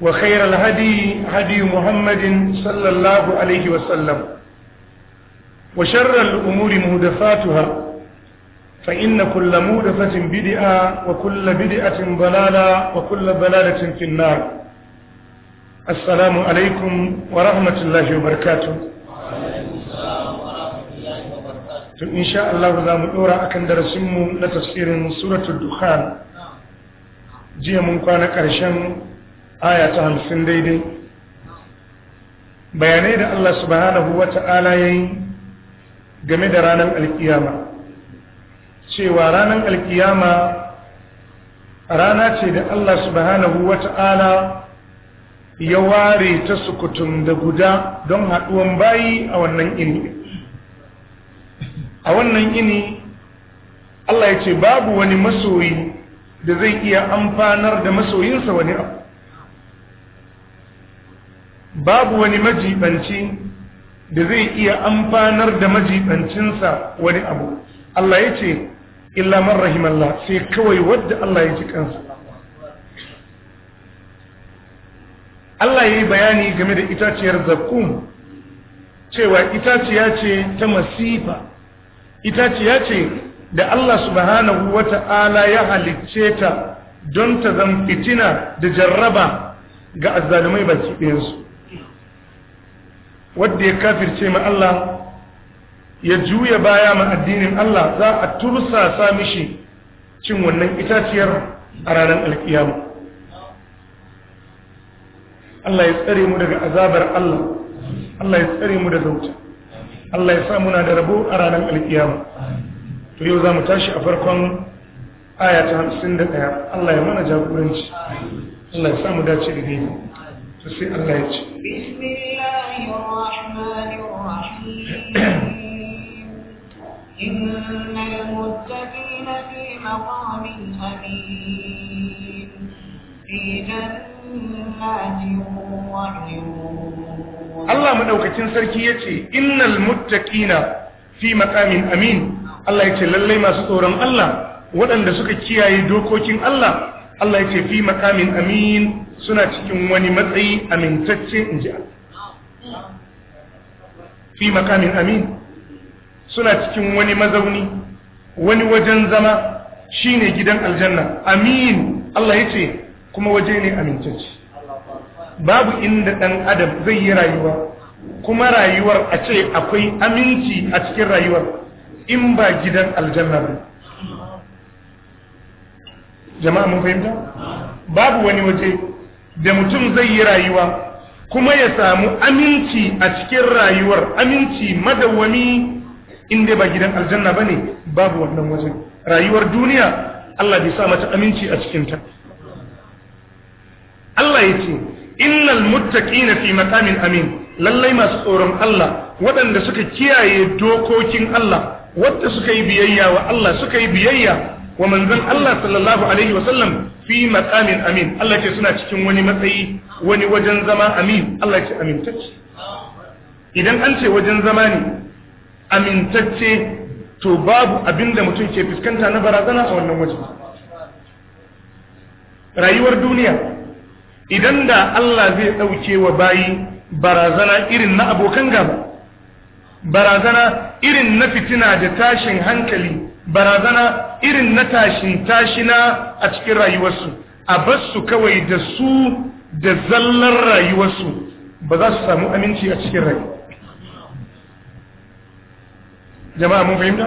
وخير الهدي هدي محمد صلى الله عليه وسلم وشر الأمور مهدفاتها فإن كل مهدفة بدئة وكل بدئة ضلالة وكل ضلالة في النار السلام عليكم ورحمة الله وبركاته إن شاء الله ذا مدورة أكن درسمه لتفسير سورة الدخان جي من كان كرشان aya ta hamsin daidai bayanai da Allah subhanahu wa ta'ala ya yi game da ranar alkiyama cewa ranar alkiyama rana ce da Allah subhanahu wa ta'ala ya ware ta sukutun da guda don haɗuwan bayi a wannan ini a wannan ini Allah ya ce babu wani masoyi da zai iya amfanar da masoyinsa wani abu babu wani majibanci da zai iya amfanar da majibancinsa wani abu Allah ya ce illa man rahimallah sai kawai wadda Allah ya ji kansa Allah ya yi bayani game da itaciyar zakkum cewa itaciya ce ta masifa itaciya ce da Allah subhanahu wata'ala ya halicce ta don ta zan fitina da jarraba ga azzalumai baki ɗayansu wanda ya kafirce ma Allah ya juya baya ma addinin Allah za a tursa tursasa mishi cin wannan itaciyar a ranar alkiyama Allah ya tsare mu daga azabar Allah Allah ya tsare mu daga wuta Allah ya sa muna da rabo a ranar alkiyama to yau za mu tashi a farkon aya ta hamsin da ɗaya, Allah ya mana jagoranci Allah ya sa mu dace da daidai to sai Allah ya ce الرحمن الرحيم إن المتقين في مقام أمين في جنات وعيون الله من أوكتين سركيتي إن المتقين fi maƙamin amin, Allah ya ce lallai masu tsoron Allah waɗanda suka kiyaye dokokin Allah Allah ya ce fi maƙamin amin suna cikin wani matsayi amintacce in ji Allah fi makamin amin suna cikin wani mazauni wani wajen zama shine gidan aljanna amin Allah ya ce kuma waje ne amintacce babu inda ɗan adam zai yi rayuwa kuma rayuwar a ce akwai aminci a cikin rayuwar in ba gidan aljanna ba jama'a mun fahimta babu wani waje da mutum zai yi rayuwa kuma ya samu aminci a cikin rayuwar aminci madawwami inda ba gidan aljanna ba ne babu wannan wajen rayuwar duniya Allah bai sa mata aminci a cikinta Allah ya ce innal muttaqina fi maqamin amin lallai masu tsoron Allah waɗanda suka kiyaye dokokin Allah wadda suka yi biyayya wa Allah suka yi biyayya wa manzon Allah sallallahu alaihi wa sallam fi maqamin amin Allah ce suna cikin wani matsayi wani wajen zama amin Allah ce amintacce idan an ce wajen zama ne amintacce to babu abinda mutum ke fuskanta na barazana a wannan wajen rayuwar duniya idan da Allah zai ɗauke wa bayi barazana irin na abokan gaba barazana irin na fitina da tashin hankali barazana irin na tashin tashina a cikin rayuwarsu a basu kawai da su da zallar rayuwarsu ba za su samu aminci a cikin rayu jama'a mun fahimta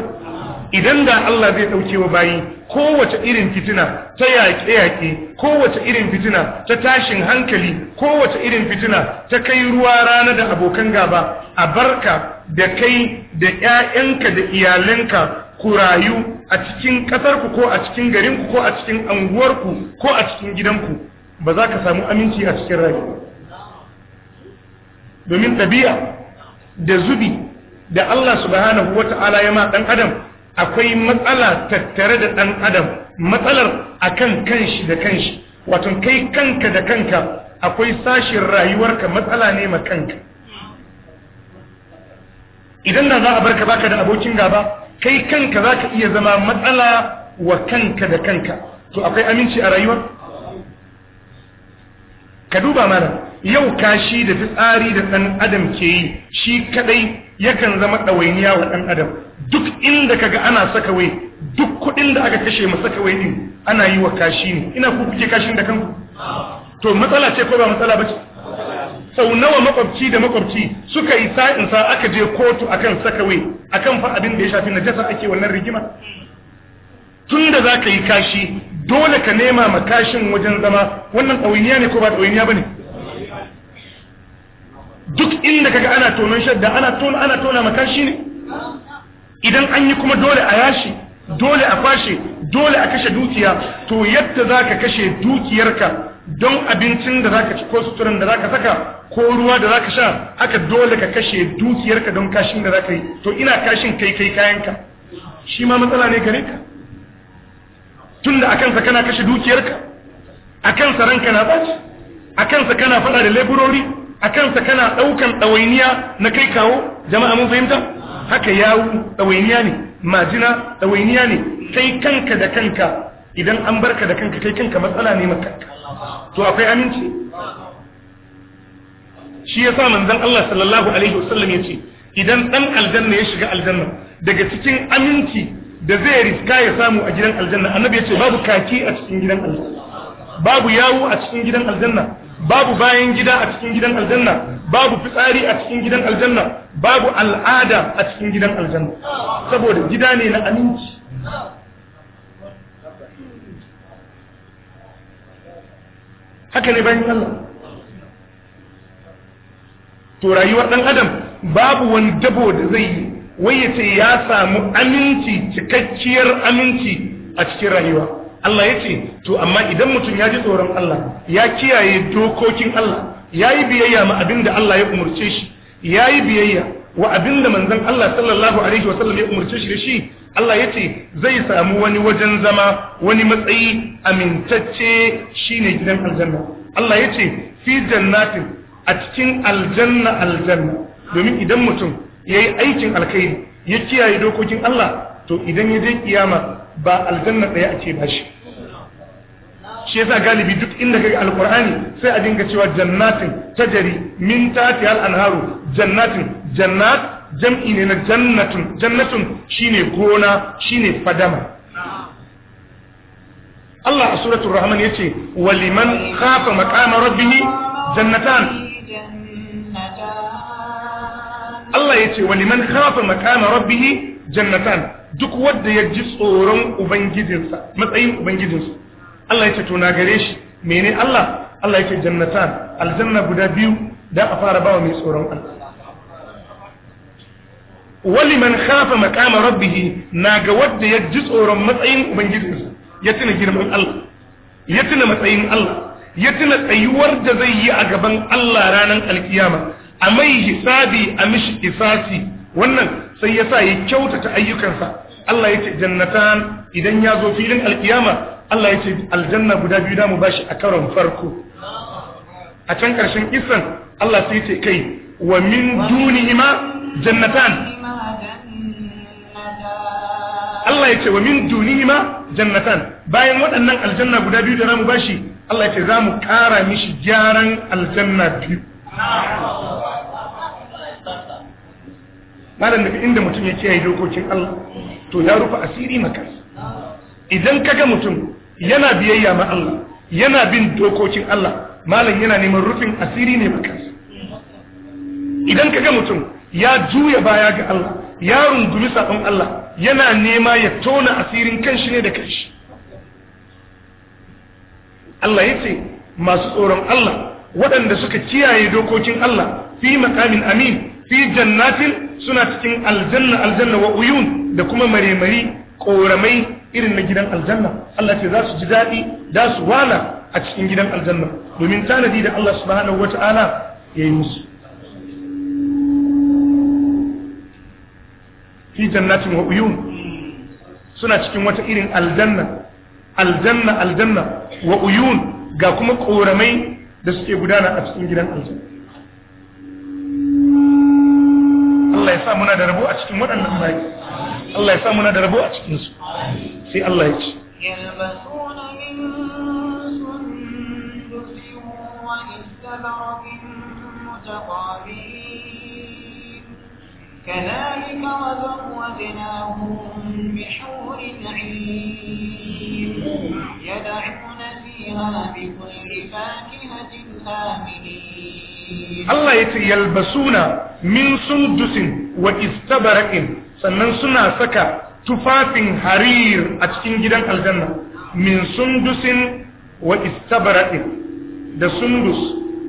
idan da Allah zai dauke wa bayi kowace irin fitina ta yaƙe-yaƙe kowace irin fitina ta tashin hankali kowace irin fitina ta kai ruwa rana da abokan gaba a barka da kai da 'ya'yanka da iyalanka ku rayu a cikin ƙasarku ko a cikin garinku ko a cikin anguwarku ko a cikin gidanku ba za ka samu aminci a cikin rayu domin ɗabi'a da zubi da Allah subhanahu wa ta'ala ya ma ɗan adam akwai matsala tattare da ɗan adam matsalar akan kanshi da kanshi wato kai kanka da kanka akwai sashin rayuwarka matsala ne ma kanka idan da za a barka baka da abokin gaba kai kanka za ka iya zama matsala wa kanka da kanka to akwai aminci a rayuwar ka duba mana yau kashi da fitsari da ɗan adam ke yi shi kadai yakan zama ɗawainiya wa ɗan adam duk inda kaga ana sakawai duk kuɗin da aka kashe ma sakawai din ana yi wa kashi ne ina ku kuke kashin da kanku to matsala ce ko ba matsala ba ce sau nawa makwabci da makwabci suka yi sa'insa aka je kotu akan sakawai akan fa abin da ya shafi najasa ake wannan rigima tun da za ka yi kashi dole ka nema ma kashin wajen zama wannan ɗawainiya ne ko ba ɗawainiya ba ne duk inda kaga ana tonon shadda ana tona ana tona makashi ne idan an yi kuma dole a yashi dole a fashe dole a kashe dukiya to yadda za ka kashe dukiyarka don abincin da zaka ci ko suturan da zaka saka ko ruwa da zaka sha haka dole ka kashe dukiyarka don kashin da zaka yi to ina kashin kai kai kayanka shi ma matsala ne gare ka tunda akan sa kana kashe dukiyarka akan sa ranka na baci akan sa kana fada da leburori? akan sa kana daukan dawainiya na kai kawo jama'a mun fahimta haka yawo dawainiya ne majina dawainiya ne kai kanka da kanka idan an barka da kanka kai kanka matsala ne maka to akwai aminci shi ya sa manzan Allah sallallahu alaihi wasallam ce idan ɗan aljanna ya shiga aljanna daga cikin aminci da zai riska ya samu a gidan aljanna annabi ya ce babu kaki a cikin gidan aljanna babu yawo a cikin gidan aljanna babu bayan gida a cikin gidan aljanna babu fitsari a cikin gidan aljanna babu al'ada a cikin gidan aljanna saboda gida ne na aminci haka ne bayan Allah to rayuwar dan adam babu wani dabo da zai yi wai ya ce ya samu aminci cikakkiyar aminci a cikin rayuwa Allah ya ce to amma idan mutum ya ji tsoron Allah ya kiyaye dokokin Allah ya yi biyayya ma abin da Allah ya umarce shi ya yi biyayya wa abinda manzon Allah sallallahu alaihi wa sallam ya umarce shi da shi Allah ya ce zai samu wani wajen zama wani matsayi amintacce shine gidan aljanna Allah ya ce fi jannatin a cikin aljanna aljanna domin idan mutum yayi aikin alkhairi ya kiyaye dokokin Allah to idan ya je kiyama ba aljanna daya ake ba shi shi yasa galibi duk inda kaga alqur'ani sai a dinga cewa jannatin tajari min tati al anharu jannatin jannat jam'i ne na jannatin jannatun shine gona shine fadama Allah a suratul rahman yace waliman khafa maqama rabbih jannatan Allah yace waliman khafa maqama rabbih jannatan duk wanda ya ji tsoron ubangijinsa matsayin ubangijinsa Allah ya ce to na gare shi mene Allah Allah ya ce jannatan aljanna guda biyu da a fara bawa mai tsoron Allah wali man khafa maqama rabbih na ga wanda ya ji tsoron matsayin ubangijinsa ya tuna girman Allah ya tuna matsayin Allah ya tuna tsayuwar da zai yi a gaban Allah ranar alkiyama a mai hisabi a mishi isasi wannan sai ya sa ya kyautata ayyukansa Allah ya ce jannatan idan ya zo filin alkiyama Allah ya ce aljanna guda biyu da mu bashi a karon farko a can ƙarshen isan Allah sai ce kai wa min dunihima jannatan Allah ya ce wa min dunihima jannatan bayan waɗannan aljanna guda biyu da zamu bashi Allah ya ce za mu ƙara mishi gyaran aljanna biyu malam daga inda mutum ya kiyaye dokokin Allah to ya rufe asiri makas idan kaga mutum yana biyayya ma Allah yana bin dokokin Allah malam yana neman rufin asiri ne makansa idan kaga mutum ya juya baya ga Allah ya rungumi sakon Allah yana nema ya tona asirin kanshi ne da kanshi Allah ya ce masu tsoron Allah waɗanda suka kiyaye dokokin Allah fi makamin amin fi jannatin suna cikin aljanna aljanna wa uyun da kuma maremari ƙoramai irin na gidan aljanna Allah ce za su ji daɗi za su wala a cikin gidan aljanna domin tanadi da Allah subhanahu wata'ala ya yi musu fi jannatin wa uyun suna cikin wata irin aljanna aljanna aljanna wa uyun ga kuma koramai da suke gudana a cikin gidan aljanna Allah ya sa muna da rabo a cikin waɗannan bayi Allah ya sa muna da rabo a cikinsu. su sai Allah ya ce متقابلين كذلك وزوجناهم بحور عين يدعون فيها بكل فاكهة آمنين الله يتيلبسون من سندس واستبرق sannan suna saka tufafin harir a cikin gidan aljanna min sundusin wa istabaraqin da sundus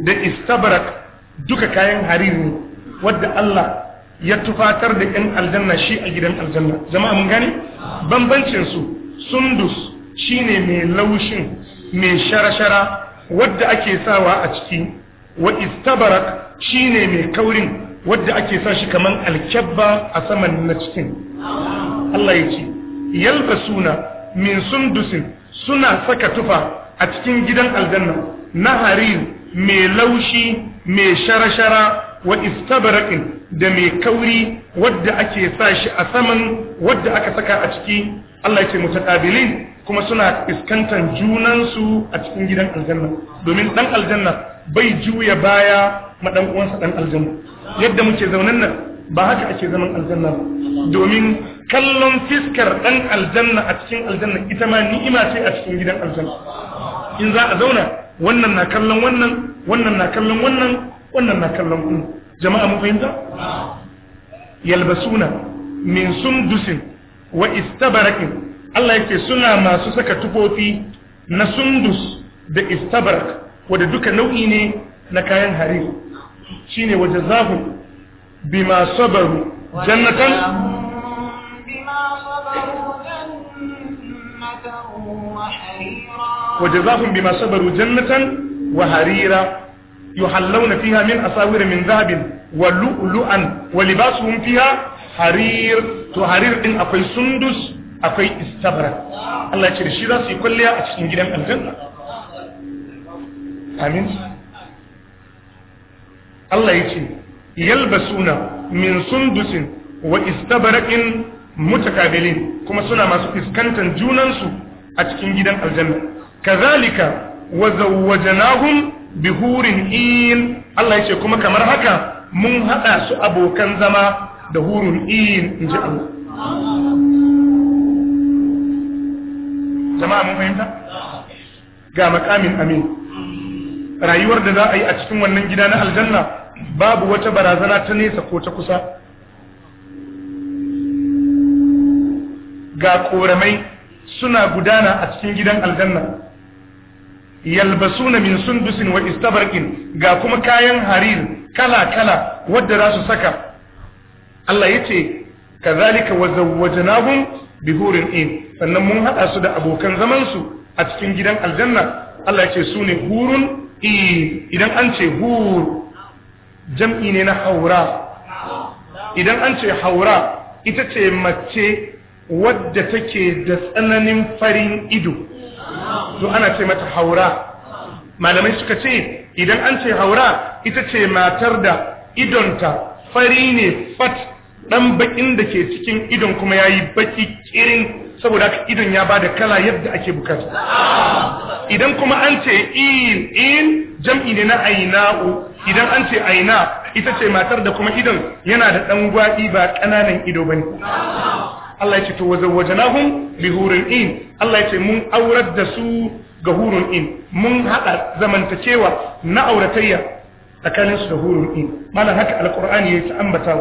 da istabarak duka kayan harir ne wadda Allah ya tufatar da ɗan aljanna shi a gidan aljanna jama'a mun gane bambancin su sundus shine mai laushin mai sharashara wadda ake sawa a ciki wa istabarak shine mai kaurin wadda ake sa shi kaman alkabba a saman na cikin Allah ya ce yalbasuna min sundusin suna saka tufa a cikin gidan aljanna na harir mai laushi mai sharashara wa istabarakin da mai kauri wadda ake sa shi a saman wadda aka saka a ciki Allah ya ce mutaqabilin kuma suna iskantan junansu a cikin gidan aljanna domin dan aljanna bai juya baya ma dan uwansa dan aljanna yadda muke zaunan nan ba haka ake zaman aljanna domin kallon fiskar ɗan aljanna a cikin aljanna ita ma ni'ima ce a cikin gidan aljanna in za a zauna wannan na kallon wannan wannan na kallon wannan wannan na kallon kun jama'a mun fahimta yalbasuna min sundusin wa istabarakin Allah yake suna masu saka tufofi na sundus da istabarak wanda duka nau'i ne na kayan hariri shine wajazahum bima sabaru jannatan وجزاهم بما صبروا جنة وحريرا يحلون فيها من أساور من ذهب ولؤلؤا ولباسهم فيها حرير تحرير إن أقوي سندس أقوي استبرك الله يشير الشيرا سيقول لها أتشين جدا الجنة آمين الله يشير يلبسون من سندس وإستبرك mutakabilin kuma suna masu fuskantar junansu a cikin gidan aljanna kazalika wa bi hurin in Allah yace kuma kamar haka mun hada su abokan zama da hurun in inji Allah jama'a mun fahimta ga makamin amin rayuwar da za a yi a cikin wannan gida na aljanna babu wata barazana ta nesa ko ta kusa ga koramai suna gudana a cikin gidan aljanna yalbasuna min sundusin wa istabarqin ga kuma kayan harir kala kala wadda za su saka Allah yace kazalika wazawwajnahum bihurin in sannan mun haɗa su da abokan zaman su a cikin gidan aljanna Allah yace su ne hurun in idan an ce hur jam'i ne na haura idan an ce haura ita ce mace wadda take da tsananin farin ido to ana ce mata haura malamai suka ce idan an ce haura ita ce matar da idonta fari ne fat dan bakin da ke cikin idon kuma yayi baki kirin saboda haka idon ya bada kala yadda ake bukata idan kuma an ce in in jam'i ne na aina'u idan an ce aina ita ce matar da kuma idon yana da dan gwadi ba kananan ido bane Allah ya ce to wazawwajanahum bihurin in Allah ya ce mun aurar da su ga hurun in mun hada zamantakewa na auratayya tsakanin su da hurun in malam haka alqur'ani ya ta ambata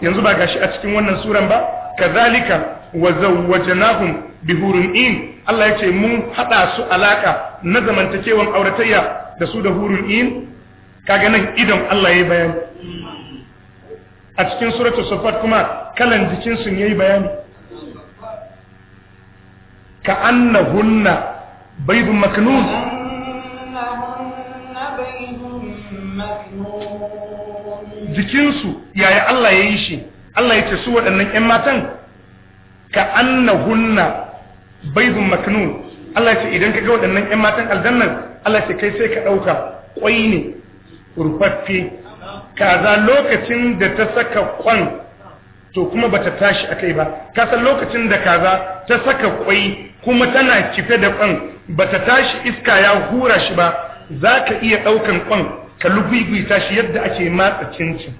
yanzu ba gashi a cikin wannan suran ba kazalika wazawwajanahum bihurin in Allah ya ce mun hada su alaka na zamantakewan auratayya da su da hurun in kaga nan idan Allah ya bayani a cikin suratul safat kuma kalan jikin sun yayi bayani كأنهن بيض مكنون jikinsu yaya Allah ya yi shi Allah ya ce su waɗannan ‘yan matan ka hunna baidun maknun Allah ya ce idan ka ga waɗannan ‘yan matan aljannan Allah ya ce kai sai ka ɗauka ƙwai ne rufaffe kaza lokacin da ta saka kwan to kuma bata tashi akai ba kasan lokacin da kaza ta saka kwai kuma tana kife da kwan bata tashi iska ya hura shi ba za ka iya ɗaukan kwan ka lugwigwita shi yadda ake matsa cincin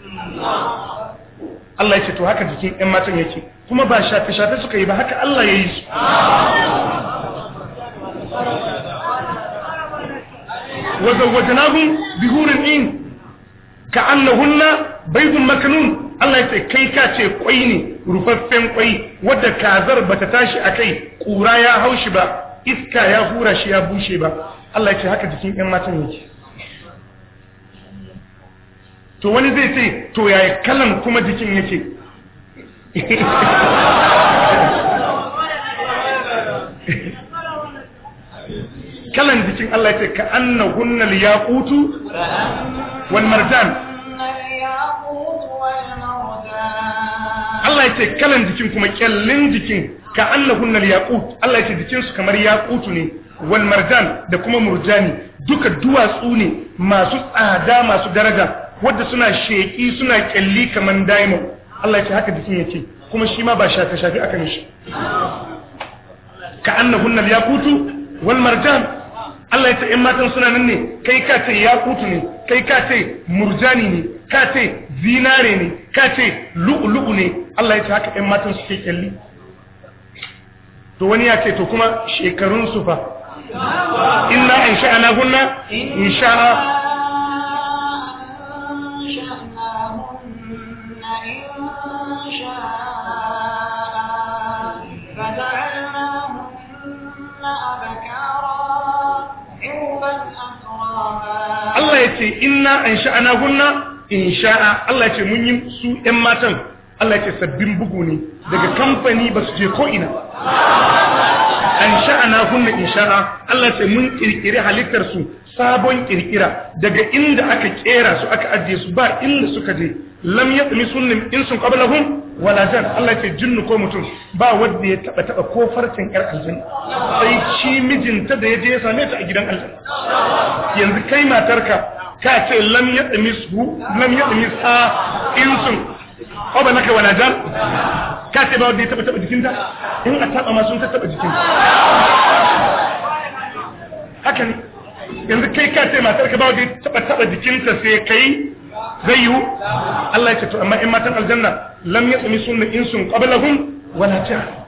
Allah ya ce to haka jikin 'yan matan yake kuma ba shafe-shafe suka yi ba haka Allah ya yi su wazawwajanahum bihurin in ka annahunna baydun maknun Allah ya ce kai ka ce kwai ne rufaffen kwai wadda kazar bata tashi a kai, kura ya haushi ba iska ya hura shi ya bushe ba Allah ya ce haka jikin ɗan matan yake to wani zai ce to yaya kalan kuma jikin yake kalan jikin Allah ya ce ka na yaqutu ya marjan wal martan. Allah ya ce kalan jikin kuma kyallin jikin ka nal yaqut Allah ya ce jikin su kamar yaqutu ne wal marjan da kuma murjani duka duwatsu ne masu tsada masu daraja wanda suna sheki suna kyalli kaman diamond Allah ya ce haka jikin yake kuma shi ma ba shafe shafe akan shi ka nal yaqutu wal marjan Allah ya ce in matan suna nan ne kai ka ce yaqutu ne kai ka ce murjani ne ka ce zinare ne ka ce lu'ulu'u ne Allah ya ce haka ɗan matan ke kyalli to wani ya ce to kuma shekarunsu fa inna in sha'ana hunna in sha'a Allah ya ce ina an sha'ana hunna Insha'a Allah ce mun yi su ƴan matan Allah ce sabbin bugu ne daga kamfani ba su je ko ina na an sha'ana hunna in Allah ce mun kirkiri halittar su sabon ƙirƙira. daga inda aka kera su aka ajiye su ba inda suka je lam yatmi sunnim insun qablahum wala jan Allah ce jinnu ko mutum ba wanda ya taɓa-taɓa ko farcin ƴar aljanna sai shi mijinta da ya je ya same ta a gidan aljanna yanzu kai matarka ka ce lam misu, lam yadmisa insun ko ba naka wala jar ka ce ba wanda ya taɓa taba jikinta in a taɓa masu sun ta taɓa jikinta haka ne yanzu kai ka ce matar ka ba wanda ya taɓa taba jikinta sai kai zai yiwu Allah ya ce to amma in matan aljanna lam yadmisu insun qablahum wala jar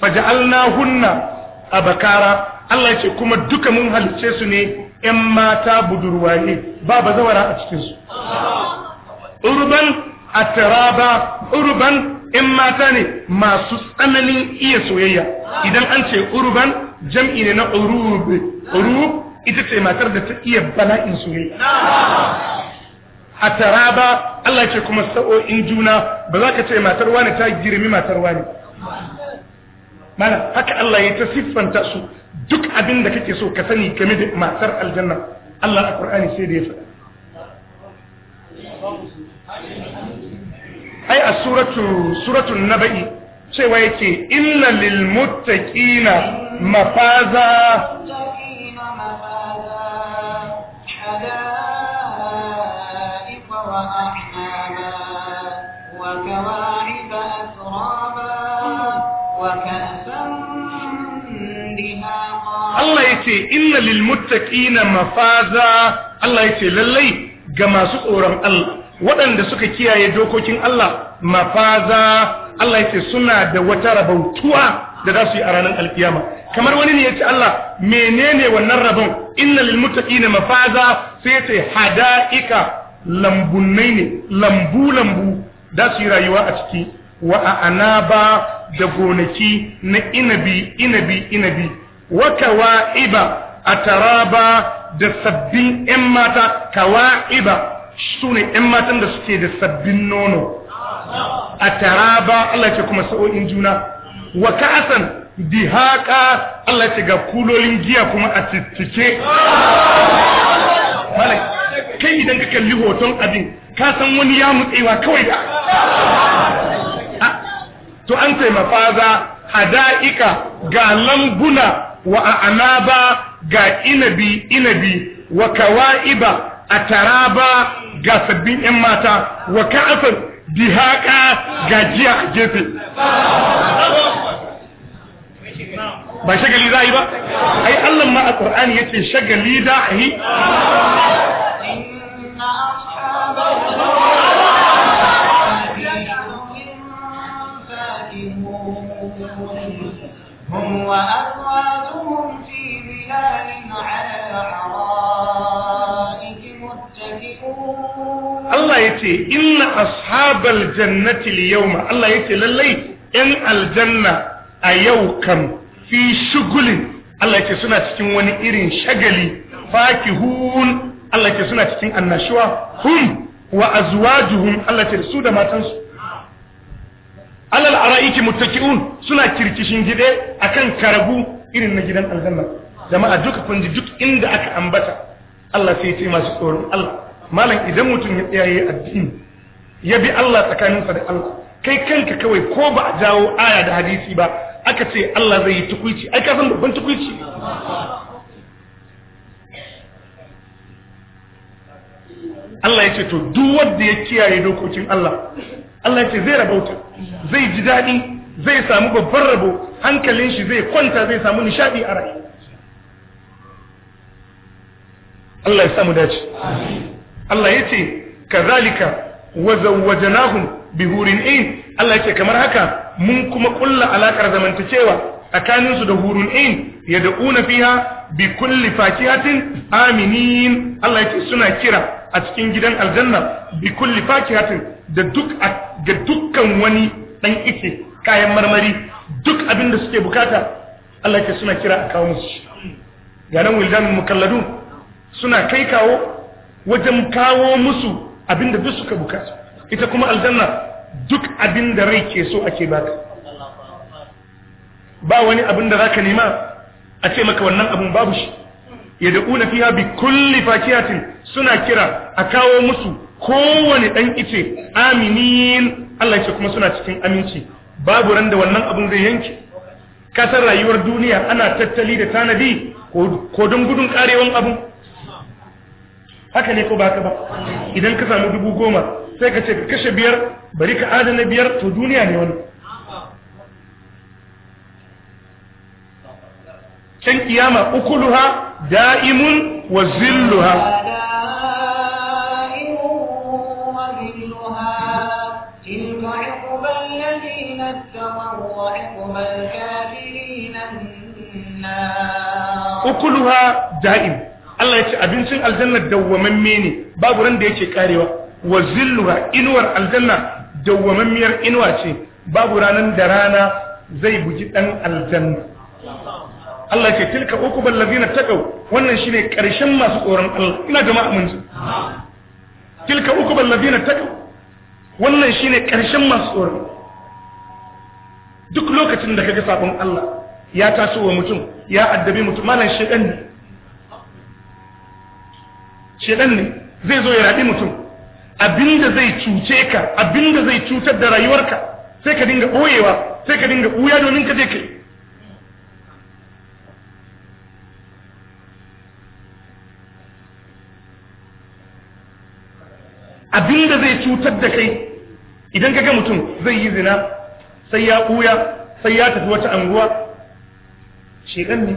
faja'alnahunna abakara Allah ce kuma duka mun halice su ne ‘yan mata budurwaye ba ba zawara a cikinsu. Urban a taraba, urban ‘yan mata ne masu tsananin iya soyayya. Idan an ce urban jam'i ne na urube, urub ita ce matar da ta iya bala'in soyayya. A taraba Allah ce kuma sa'o'in juna ba za ka ce matar wani ta girmi matar wani. mana haka Allah ya ta siffanta su duk abin da kake so ka sani game da matar aljanna Allah a Qur'ani sai da ya faɗa ai a suratu suratu naba'i cewa yake illa lil muttaqina mafaza حدائق وأعناب ce inna lil muttaqina mafaza Allah ya ce lallai ga masu tsoron Allah waɗanda suka kiyaye dokokin Allah mafaza Allah ya ce suna da wata rabautuwa da za su yi a ranar alkiyama kamar wani ne ya ce Allah menene wannan rabon inna lil muttaqina mafaza sai ya ce hadaika lambunai ne lambu lambu da su yi rayuwa a ciki wa anaba da gonaki na inabi inabi inabi wa kawa'iba a taraba da sabbin 'yan mata kawa'iba su ne matan da suke da sabbin nono a taraba Allah ce kuma sa'o'in juna wa ka'asan dihaka Allah ce ga kulolin giya kuma a cittike malai kai idan ka kalli hoton abin ka san wani ya mutsewa kawai A to an taimaka za hada'ika ga lambuna wa anaba ga inabi inabi wa kawaiba a ataraba ga bin yan mata wa kafa dihaka ga jiya a gefe ba shagali za yi ba ai Allah ma a Qur'ani yace shagali da yi وأزواجهم في ظلال على الأرائك متكئون الله يتي إن أصحاب الجنة اليوم الله يتي للي إن الجنة أيوكم في شغل Allah yake suna cikin wani irin shagali fakihun Allah yake suna cikin annashuwa hum wa azwajuhum Allah yake su da matansu alal ara'iki muttaki'un suna kirkishin gide akan karabu irin na gidan aljanna jama'a duka kun duk inda aka ambata Allah sai ya ce masu tsoron Allah malam idan mutum ya tsaya addini ya bi Allah tsakaninsa da Allah kai kanka kawai ko ba a jawo aya da hadisi ba aka ce Allah zai yi tukuici ai ka san babban tukuici Allah ya ce to duk wanda ya kiyaye dokokin Allah Allah ya ce zai rabauta zai ji daɗi zai samu babban rabo hankalin shi zai kwanta zai samu nishaɗi a rai Allah ya samu dace Allah ya ce kazalika wazawwajanahum bihurin ain Allah ya ce kamar haka mun kuma kulla alaƙar zamantakewa su da hurun ain yad'una fiha bi kulli fakihatin aminin Allah ya ce suna kira a cikin gidan aljanna bi kulli fakihatin da duk ga dukkan wani ɗan ike kayan marmari duk abin da suke bukata Allah ke suna kira a kawo musu ga nan wildanul mukalladun suna kai kawo wajen kawo musu abin da duk suka bukata ita kuma aljanna duk abin da rai ke so ake baka ba wani abin da ka nema a ce maka wannan abin babu shi una fiya bi kulli fakiyatin suna kira a kawo musu kowane ɗan ice aminin Allah ce kuma suna cikin aminci babu randa wannan abun zai yanke kasar rayuwar duniya ana tattali da tanadi ko don gudun karewan abun haka ne ko ba ka ba idan ka samu dubu goma sai ka ce ka kashe biyar bari ka adana biyar to duniya ne wani can kiyama ukuluha da'imun wa zilluha Ukuluha da’im, Allah ya ce abincin aljanna dawwamamme ne babu ran da yake karewa wa zilluha inuwar aljanna dawwamammiyar inuwa ce babu ranan da rana zai buji dan aljanna Allah ya ce tilka uqubal ladina taqaw wannan shine karshen masu tsoron Allah ina jama'a mun ji tilka uqubal ladina taqaw wannan shine karshen masu tsoron duk lokacin da kaga sabon Allah ya taso wa mutum ya addabi mutum malan shedan ne shedan ne zai zo ya rabi mutum abinda zai cuce ka abinda zai cutar da rayuwarka sai ka dinga boyewa sai ka dinga buya domin ka je kai abinda zai cutar da kai idan ka ga mutum zai yi zina sai ya ɓuya sai ya tafi wata anguwa shidan ne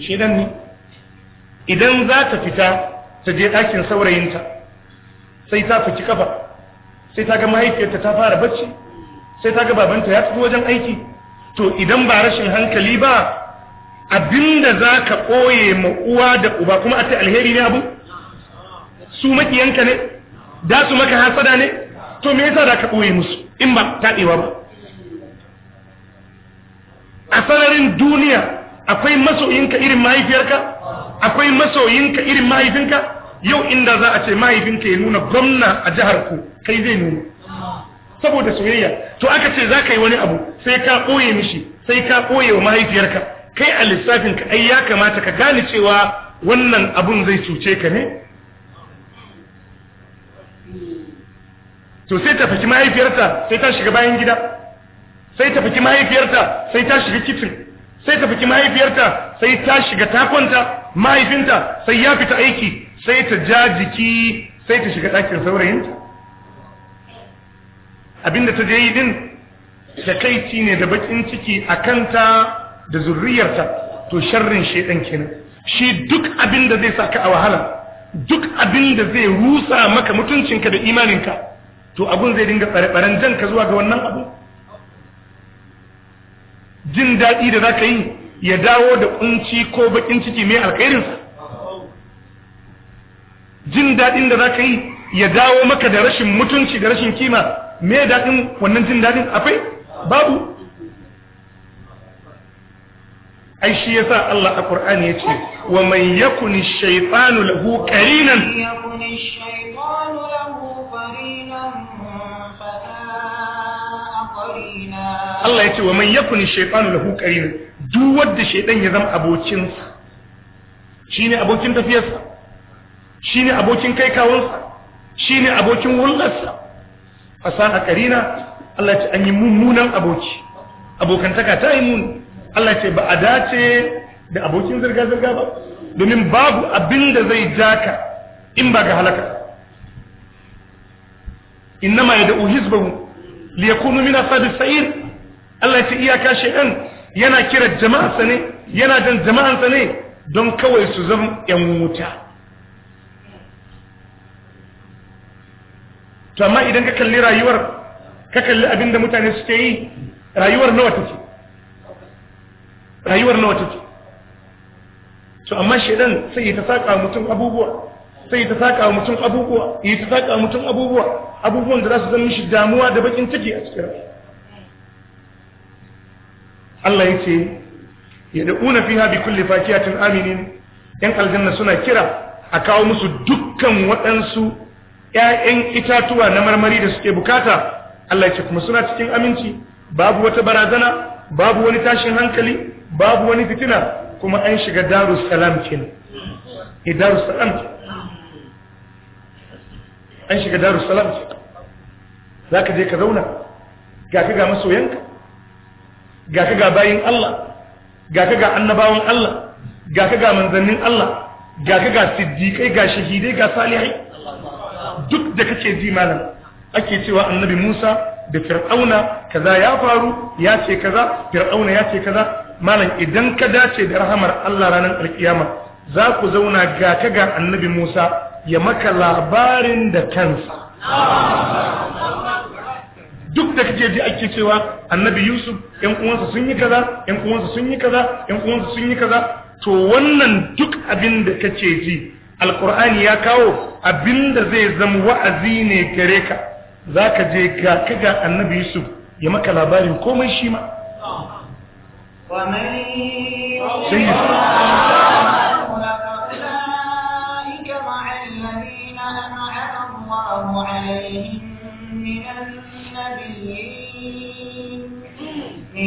shidan ne idan za ta fita ta je ɗakin saurayinta sai ta fuki kafa sai ta ga mahaifiyarta ta fara bacci sai ta ga babanta ya tafi wajen aiki to idan ba rashin hankali ba abinda za ka ɓoye ma uwa da uba kuma a ta alheri ne abu su makiyanka ne da su maka hasada ne to me yasa za ka ɓoye musu in ba taɓewa ba a sararin duniya akwai masoyinka irin mahaifiyarka akwai masoyinka irin mahaifinka yau inda za a ce mahaifinka ya nuna gwamna a jihar ku kai zai nuna saboda soyayya to aka ce za ka yi wani abu sai ka ɓoye mishi sai ka ɓoye wa mahaifiyarka kai a lissafinka ai ya kamata ka gane cewa wannan abun zai cuce ka ne to sai ta faki mahaifiyarta sai ta shiga bayan gida sai ta faki mahaifiyarta sai ta shiga kitchen sai ta faki mahaifiyarta sai ta shiga takonta mahaifinta sai ya fita aiki sai ta ja jiki sai ta shiga ɗakin saurayinta abinda ta je yi din takaici ne da bakin ciki a kanta da zurriyarta to sharrin shedan kenan shi duk abinda zai saka a wahala duk abinda zai rusa maka mutuncinka da imaninka to abun zai dinga tsare-tsaren jan ka zuwa ga wannan abu jin daɗi da za ka yi ya dawo da kunci ko bakin ciki mai alkhairinsa jin daɗin da za ka yi ya dawo maka da rashin mutunci da rashin kima mai daɗin wannan jin daɗin akwai babu ai shi yasa Allah a Qur'ani yace wa man yakuni shaytanu lahu qarinan yakuni shaytanu lahu qarinan Allah ya ce wa man yakun shaytanu lahu qarin duk wanda shaytan ya zama abokin sa shine abokin tafiyarsa shine abokin kai sa shine abokin hullarsa fasaha qarina Allah ya ce an yi mummunan aboki abokantaka ta yi mun Allah ya ce ba a dace da abokin zirga zirga ba domin babu abin da zai jaka in ba ga halaka innama yad'u hizbahu liyakunu min asabi sa'ir Allah ce iyaka shedan yana kira jama'ansa ne yana jan jama'ansa ne don kawai su zama yan wuta to amma idan ka kalli rayuwar ka kalli abinda mutane suke yi rayuwar nawa take rayuwar nawa take to amma shedan sai ya ta saka mutum abubuwa sai ta saka mutum abubuwa ya ta saka mutum abubuwa abubuwan da za su zama mishi damuwa da bakin ciki a cikin Allah ya ce yad'una fiha bi kulli fakiyatin aminin yan aljanna suna kira a kawo musu dukkan waɗansu ƴaƴan itatuwa na marmari da suke bukata Allah ya ce kuma suna cikin aminci babu wata barazana babu wani tashin hankali babu wani fitina kuma an shiga darus salam kenan eh darus salam an shiga darus salam zaka je ka zauna ga ka ga masoyanka ga ka ga bayin Allah ga ka ga annabawan Allah ga ka ga manzannin Allah ga ka ga siddiƙai ga shahidai ga salihai duk da kake ji malam ake cewa annabi Musa da Fir'auna kaza ya faru ya ce kaza Fir'auna ya ce kaza malam idan ka dace da rahamar Allah ranar alkiyama za ku zauna ga ka ga annabi Musa ya maka labarin da kansa duk da kake ji ake cewa annabi yusuf yan uwansa sun yi kaza yan uwansa sun yi kaza yan uwansa sun yi kaza to wannan duk abin da kake ji alqur'ani ya kawo abin da zai zama wa'azi ne gare ka zaka je ga kaga annabi yusuf ya maka labarin komai shi ma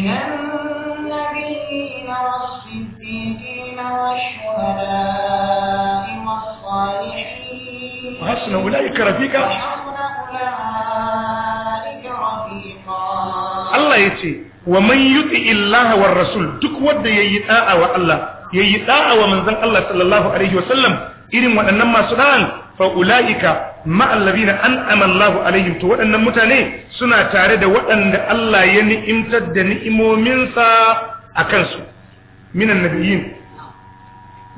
النبيين والصديقين والشهداء والصالحين وحسن أولئك رفيقا Allah ya ce, wa man yuti illaha rasul duk wanda yayi da'a wa Allah yayi da'a wa manzon Allah sallallahu alaihi wasallam irin waɗannan masu da'an fa ulaika ma'allabina an'ama Allahu alaihim to waɗannan mutane suna tare da waɗanda Allah ya ni'imtar da ni'imominsa a kansu minan nabiyyin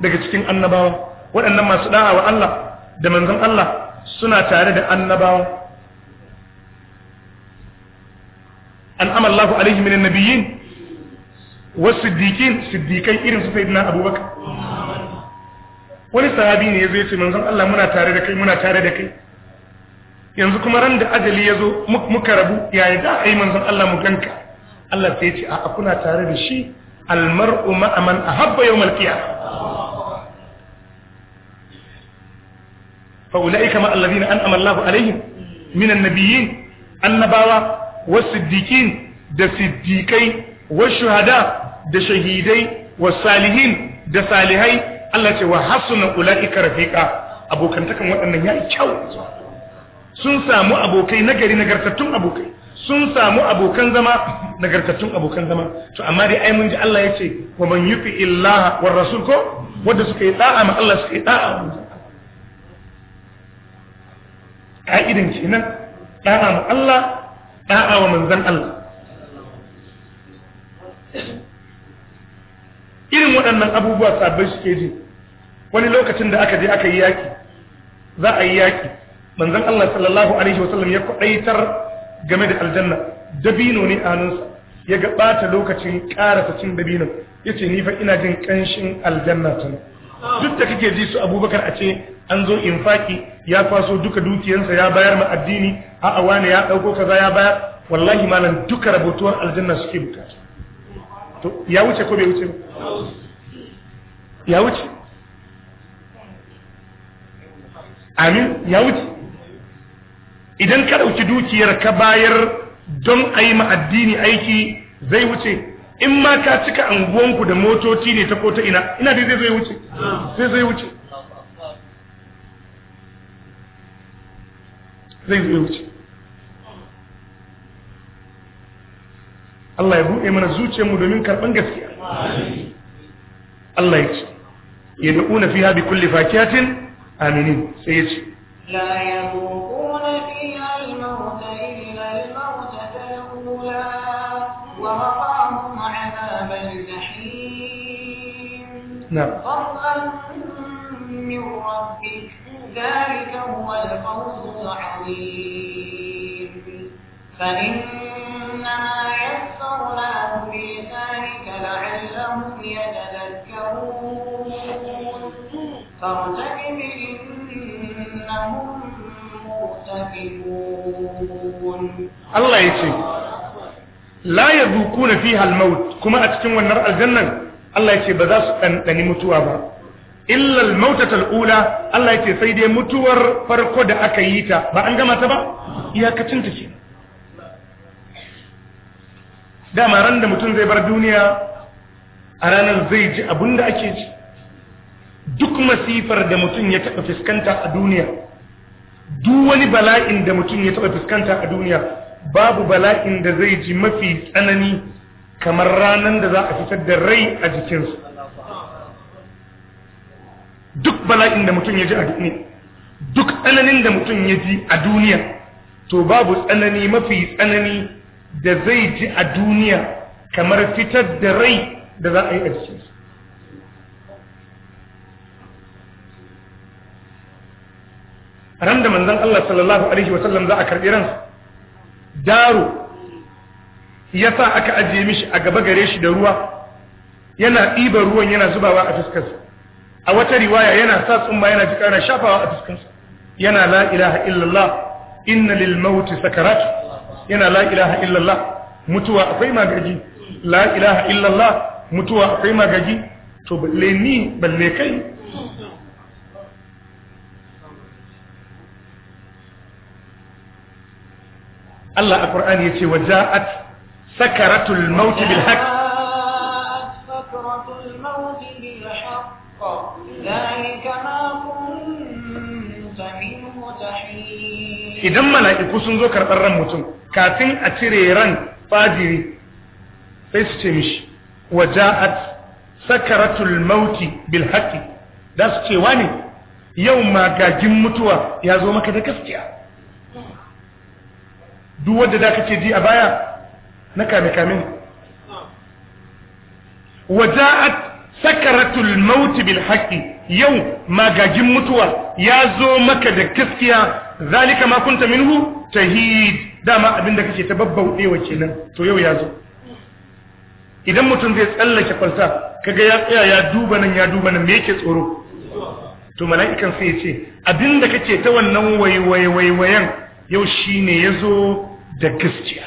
daga cikin annabawa waɗannan masu da'a wa Allah da manzon Allah suna tare da annabawa an'ama Allahu alaihim minan nabiyyin wasiddiqin siddiqai irin su sayyidina Abubakar wani sahabi ne zai yace manzon Allah muna tare da kai muna tare da kai yanzu kuma ran da ajali zo muka rabu yaya da kai manzon Allah mu ganka Allah sai yace a kuna tare da shi almar'u ma'a man ahabba yawmal qiyamah fa ulaika ma alladhina an'ama Allahu alaihim minan nabiyyin annabawa wasiddiqin da siddiqai washuhada da shahidai wasalihin da salihai Allah ce wa hasuna ulaika rafiqa abokantakan waɗannan yayi kyau sun samu abokai nagari nagartattun abokai sun samu abokan zama nagartattun abokan zama to amma dai ai mun ji Allah yace wa man yufi illaha war rasul ko wanda suka yi da'a ma Allah suka yi da'a mu ka'idan kenan da'a ma Allah da'a wa manzon Allah irin waɗannan abubuwa sabai suke ji wani lokacin da aka je aka yi yaki za a yi yaki manzon Allah sallallahu alaihi wasallam ya kudaitar game da aljanna dabino ne anunsa ya gabata lokacin karasa cin dabino yace ce nifa ina jin kanshin aljanna tun duk da kake ji su Abubakar a ce an zo infaki ya kwaso duka dukiyansa ya bayar ma addini a awane ya dauko kaza ya bayar wallahi malam duka rabotuwar aljanna suke bukata to ya wuce ko bai wuce ba ya wuce amin ya wuce idan ka ɗauki dukiyar ka bayar don a yi ma'addini aiki zai wuce in ma ka cika anguwanku da motoci ne ta kota ina ina da zai wuce zai zai wuce zai zai wuce Allah ya buɗe mana zuciyarmu domin karɓan gaskiya Allah ya ce yadda ƙuna fiya bi kulle fakiyatin آمنين سيد لا يذوقون فيها الموت إلا الموتة الأولى ووقاهم عذاب الجحيم نعم فضلا من ربك ذلك هو الفوز العظيم فإنما يسرناه بلسانك لعلهم يتذكرون فارتقب إنهم مرتقبون الله يسلمك la ya zuku na fi halmaut kuma a cikin wannan aljannan Allah ya ce ba za su ɗanɗani mutuwa ba illal mauta tal'ula Allah ya ce sai dai mutuwar farko da aka yi ta ba an gama ta ba iyakacin ta dama ran da mutum zai bar duniya a ranar zai ji abin da ake ci duk masifar da mutum ya taɓa fuskanta a duniya duk wani bala'in da mutum ya taɓa fuskanta a duniya babu bala'in da zai ji mafi tsanani kamar ranar da za a fitar da rai a jikinsu duk bala'in da mutum ya ji a duniya duk tsananin da mutum ya ji a duniya to babu tsanani mafi tsanani da zai ji a duniya kamar fitar da rai da za a yi a jikinsu ran da manzon Allah sallallahu alaihi wa sallam za a karbi ransa daro sa aka ajiye mishi a gaba gare shi da ruwa yana ɗiba ruwan yana zubawa a fuskarsa a wata riwaya yana sa tsumba yana ji ƙara shafawa a fuskarsa yana la ilaha illallah inna lil mauti sakarat yana la ilaha illallah mutuwa akwai magaji la ilaha illallah mutuwa akwai magaji to balle ni balle kai Allah a Qur'ani yace wa ja'at sakaratul maut bil haqq sakaratul maut bil haqq dhalika ma kunta minhu tahid idan mala'iku sun zo karɓar ran mutum kafin a cire ran fajiri sai su ce mishi wa ja'at sakaratul maut bil haqq da su ce wani yau magagin mutuwa ya zo maka da gaskiya duk wadda da kake ji a baya na kame kame waja'at sakaratul maut bil haqqi yau magagin mutuwa ya zo maka da gaskiya zalika ma kunta minhu tahid dama abinda kake ta babbaudewa kenan to yau ya zo idan mutum zai tsallake kwalta kaga ya tsaya ya duba nan ya duba nan me yake tsoro to mala'ikan sai ya ce abinda kake ta wannan waiwaiwayen yau shi ne ya zo da gaskiya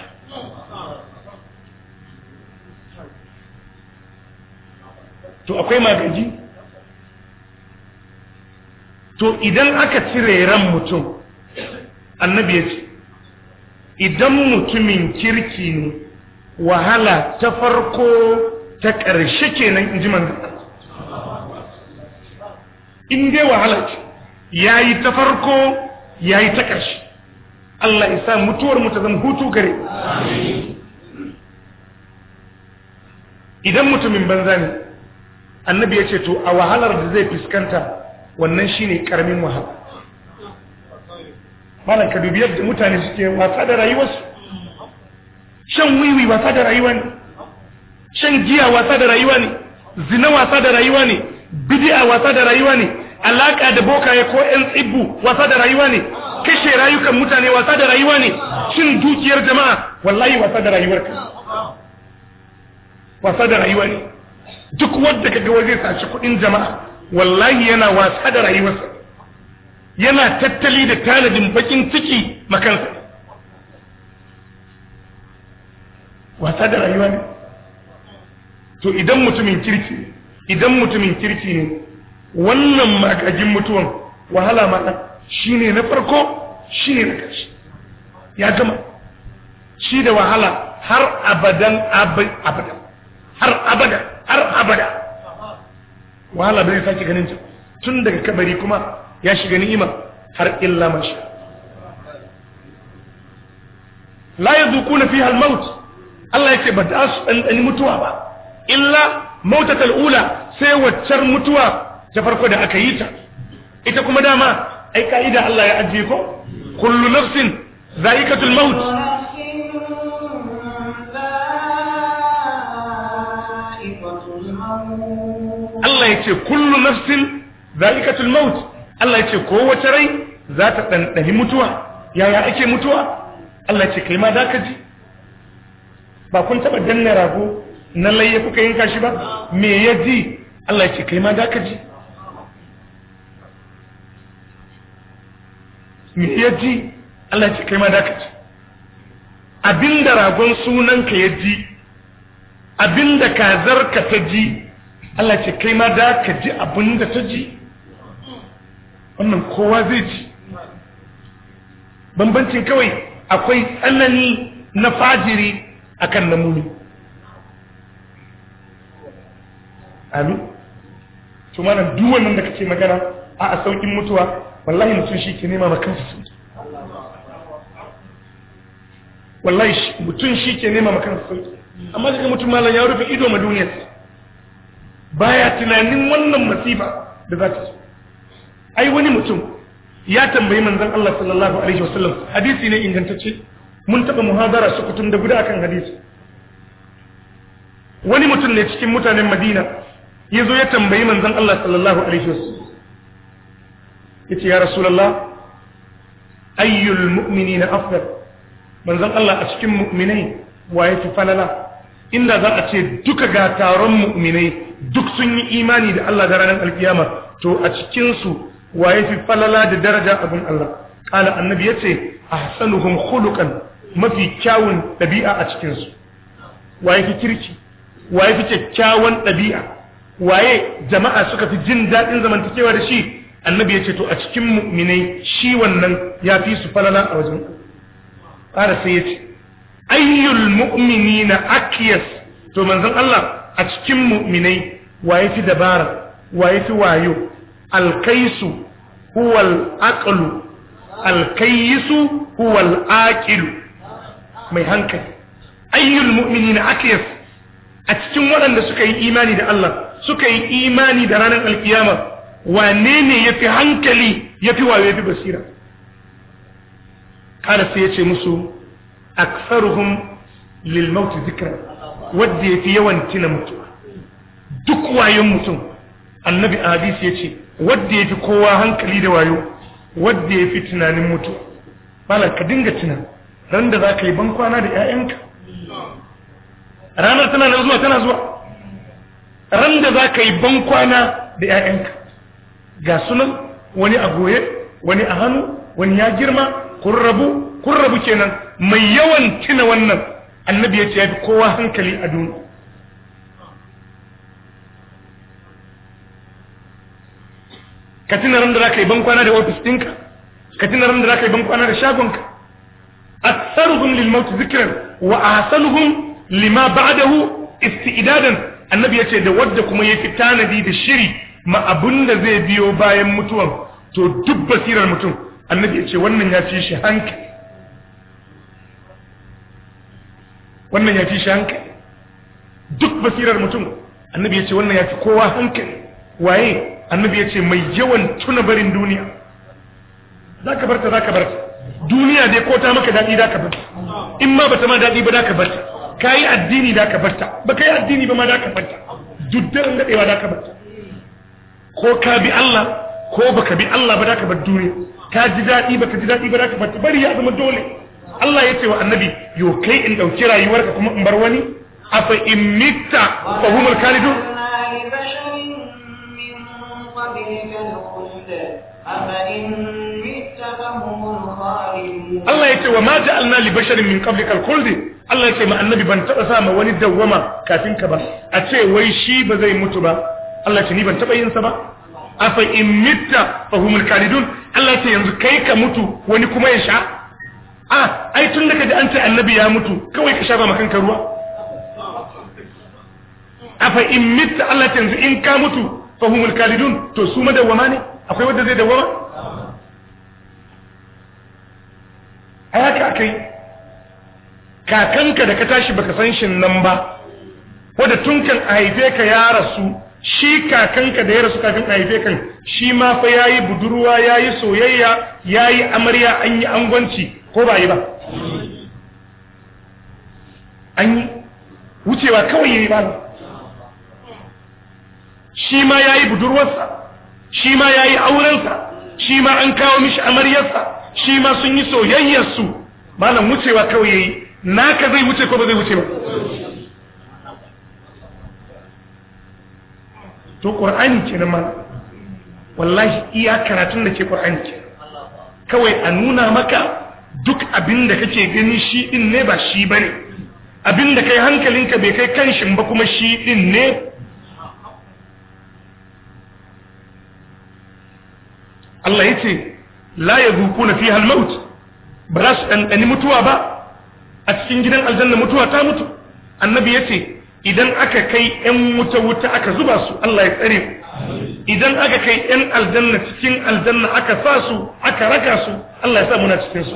to akwai magaji to idan aka cire ran mutum annabi ya ce idan mutumin kirki ne wahala ta farko ta ƙarshe kenan in ji in dai wahala ce ya yi ta farko ya yi ta ƙarshe Allah ya sa mutuwar mu ta zama hutu gare idan mutumin banza ne annabi ya ce to a wahalar da zai fuskanta wannan shine karamin wahala malam ka dubi yadda mutane suke wasa da rayuwarsu shan wiwi wasa da rayuwa ne shan giya wasa da rayuwa ne zina wasa da rayuwa ne bidi'a wasa da rayuwa ne alaka da ya ko yan tsibbu wasa da rayuwa ne kashe rayukan mutane wasa da rayuwa ne cin dukiyar jama'a wallahi wasa da rayuwarka wasa da rayuwa ne duk wanda kaga waje sace kudin jama'a wallahi yana wasa da rayuwarsa yana tattali da taladin bakin ciki makansa wasa da rayuwa ne to idan mutumin kirki idan mutumin kirki ne wannan magajin mutuwan wahala ma shi ne na farko shi ne na ƙarshe ya gama shi da wahala har abadan abadan har abada har abada wahala bai sake ganin ta tun daga kabari kuma ya shiga ni'ima har illa man sha la yadhukuna fiha al-maut Allah yake ba da su dan mutuwa ba illa mautatul ula sai waccar mutuwa ta farko da aka yi ta ita kuma dama ai ka'ida Allah ya ajiye ko kullu nafsin za'ikatul maut Allah ya ce kullu nafsin za'ikatul maut Allah ya ce kowace rai za ta ɗanɗani mutuwa yaya ake mutuwa Allah ya ce kai ma da ji ba kun taɓa danna rago na layya kuka yanka shi ba me ya ji Allah ya ce kai ma da ji Yaji? ya ji Allah ce kai ma da ka ci abinda ragon sunanka ya ji abinda kazarka ta ji Allah ce kai ma da ka ji abinda ta ji wannan kowa zai ji bambancin kawai akwai tsanani na fajiri akan namuni alu to mana duk wannan da kace magana a a saukin mutuwa wallahi mutum shi ke nema ma kansa sauki wallahi mutum shi ke nema ma kansa sauki amma daga mutum malam ya rufe ido ma duniyar baya tunanin wannan masifa da za ta so ai wani mutum ya tambayi manzon Allah sallallahu alaihi wasallam hadisi ne ingantacce mun taɓa muhadara su kutum da guda akan hadisi wani mutum ne cikin mutanen Madina zo ya tambayi manzon Allah sallallahu alaihi wasallam yace ya rasulullah ayyul mu'minina afdal manzon Allah a cikin mu'minai waye fi falala inda za a ce duka ga taron mu'minai duk sun yi imani da Allah da ranar alkiyama to a cikin su waye fi falala da daraja abin Allah kana annabi yace ahsanuhum khuluqan mafi kyawun dabi'a a cikin su waye fi kirki waye fi kyakkyawan dabi'a waye jama'a suka fi jin dadin zamantakewa da shi annabi ya ce to a cikin mu'minai shi wannan ya fi su falala a wajen ƙara sai ya ce ayyul mu'mini na akiyas to manzon Allah a cikin mu'minai waye fi dabara waye fi wayo alkaisu huwal aqlu alkaisu huwal aqilu mai hankali ayyul mu'mini na akiyas a cikin waɗanda suka yi imani da Allah suka yi imani da ranar alkiyama wane ne ya fi hankali ya fi wawe fi basira ƙara sai ya ce musu aksaruhum lil mauti zikra wadda ya fi yawan tuna mutuwa duk wayon mutum annabi hadisi ya ce wadda ya fi kowa hankali da wayo wadda ya fi tunanin mutuwa mala ka dinga tunan ran da za ka yi bankwana da 'ya'yanka ranar tana zuwa tana zuwa ran da za ka yi bankwana da 'ya'yanka ga sunan wani a goye wani a hannu wani ya girma kun rabu kun rabu kenan mai yawan tuna wannan annabi ya ce ya fi kowa hankali a duniya ka tuna ran da za ka yi bankwana da ofis ɗinka ka tuna ran da za ka yi bankwana da shagonka aktsaruhum lil maut zikirar, wa ahsanuhum lima ba'dahu idadan. annabi ya ce da wadda kuma ya fi tanadi da shiri ma abun da zai biyo bayan mutuwan to duk basirar mutum annabi ce wannan ya fi shi hankali wannan ya fi shi hankali duk basirar mutum annabi ya ce wannan ya fi kowa hankali waye annabi ya ce mai yawan tuna barin duniya za ka barta za ka barta duniya dai ko ta maka daɗi za ka barta in ma ba ta ma daɗi ba za ka barta ka yi addini za ka barta ba ka yi addini ba ma za ka barta duk daren daɗewa za ka barta ko ka bi Allah ko baka bi Allah ba da ka bar duniya ka ji daɗi baka ji daɗi ba da ka bar bari ya zama dole Allah ya ce wa annabi yo kai in ɗauki rayuwarka kuma in bar wani afa in mitta fa humul kalidu Allah ya ce wa ma ja'alna li basharin min qablika al-khuldi Allah ya ce ma annabi ban taɓa sa ma wani dawwama kafin ka ba a ce wai shi ba zai mutu ba Allah ce ni ban taba yin sa ba afa in mitta fa humul kalidun Allah ce yanzu kai ka mutu wani kuma ya sha a ah, ai tun daga da an ce annabi ya mutu kawai ka sha ba makan ka ruwa afa in mitta Allah ce yanzu in ka mutu fa humul kalidun to su madawama ne akwai wanda zai dawama ai haka Kakan kakanka da ka tashi baka san shin nan ba wanda tun kan haife ka ya rasu shi kakanka da ya rasu kafin a haife kan shi ma fa ya yi budurwa ya yi soyayya ya yi amarya an yi angwanci ko ba yi ba an yi wucewa kawai yi ba shi ma ya yi budurwarsa shi ma ya yi aurensa shi ma an kawo mishi amaryarsa shi ma sun yi soyayyarsu malam wucewa kawai Na naka zai wuce ko ba zai wuce ba to qur'ani kenan ma wallahi iya karatun da ke qur'ani ke kawai a nuna maka duk abinda da kake gani shi din ne ba shi bane abinda da kai hankalinka bai kai kanshin ba kuma shi din ne Allah yace la yadhukuna fiha al-maut ba za su ɗanɗani mutuwa ba a cikin gidan aljanna mutuwa ta mutu annabi yace idan aka kai ‘yan wuta wuta aka zuba su Allah ya tsare mu idan aka kai ‘yan aljanna cikin aljanna aka sa su aka raka su Allah ya sa muna cikin su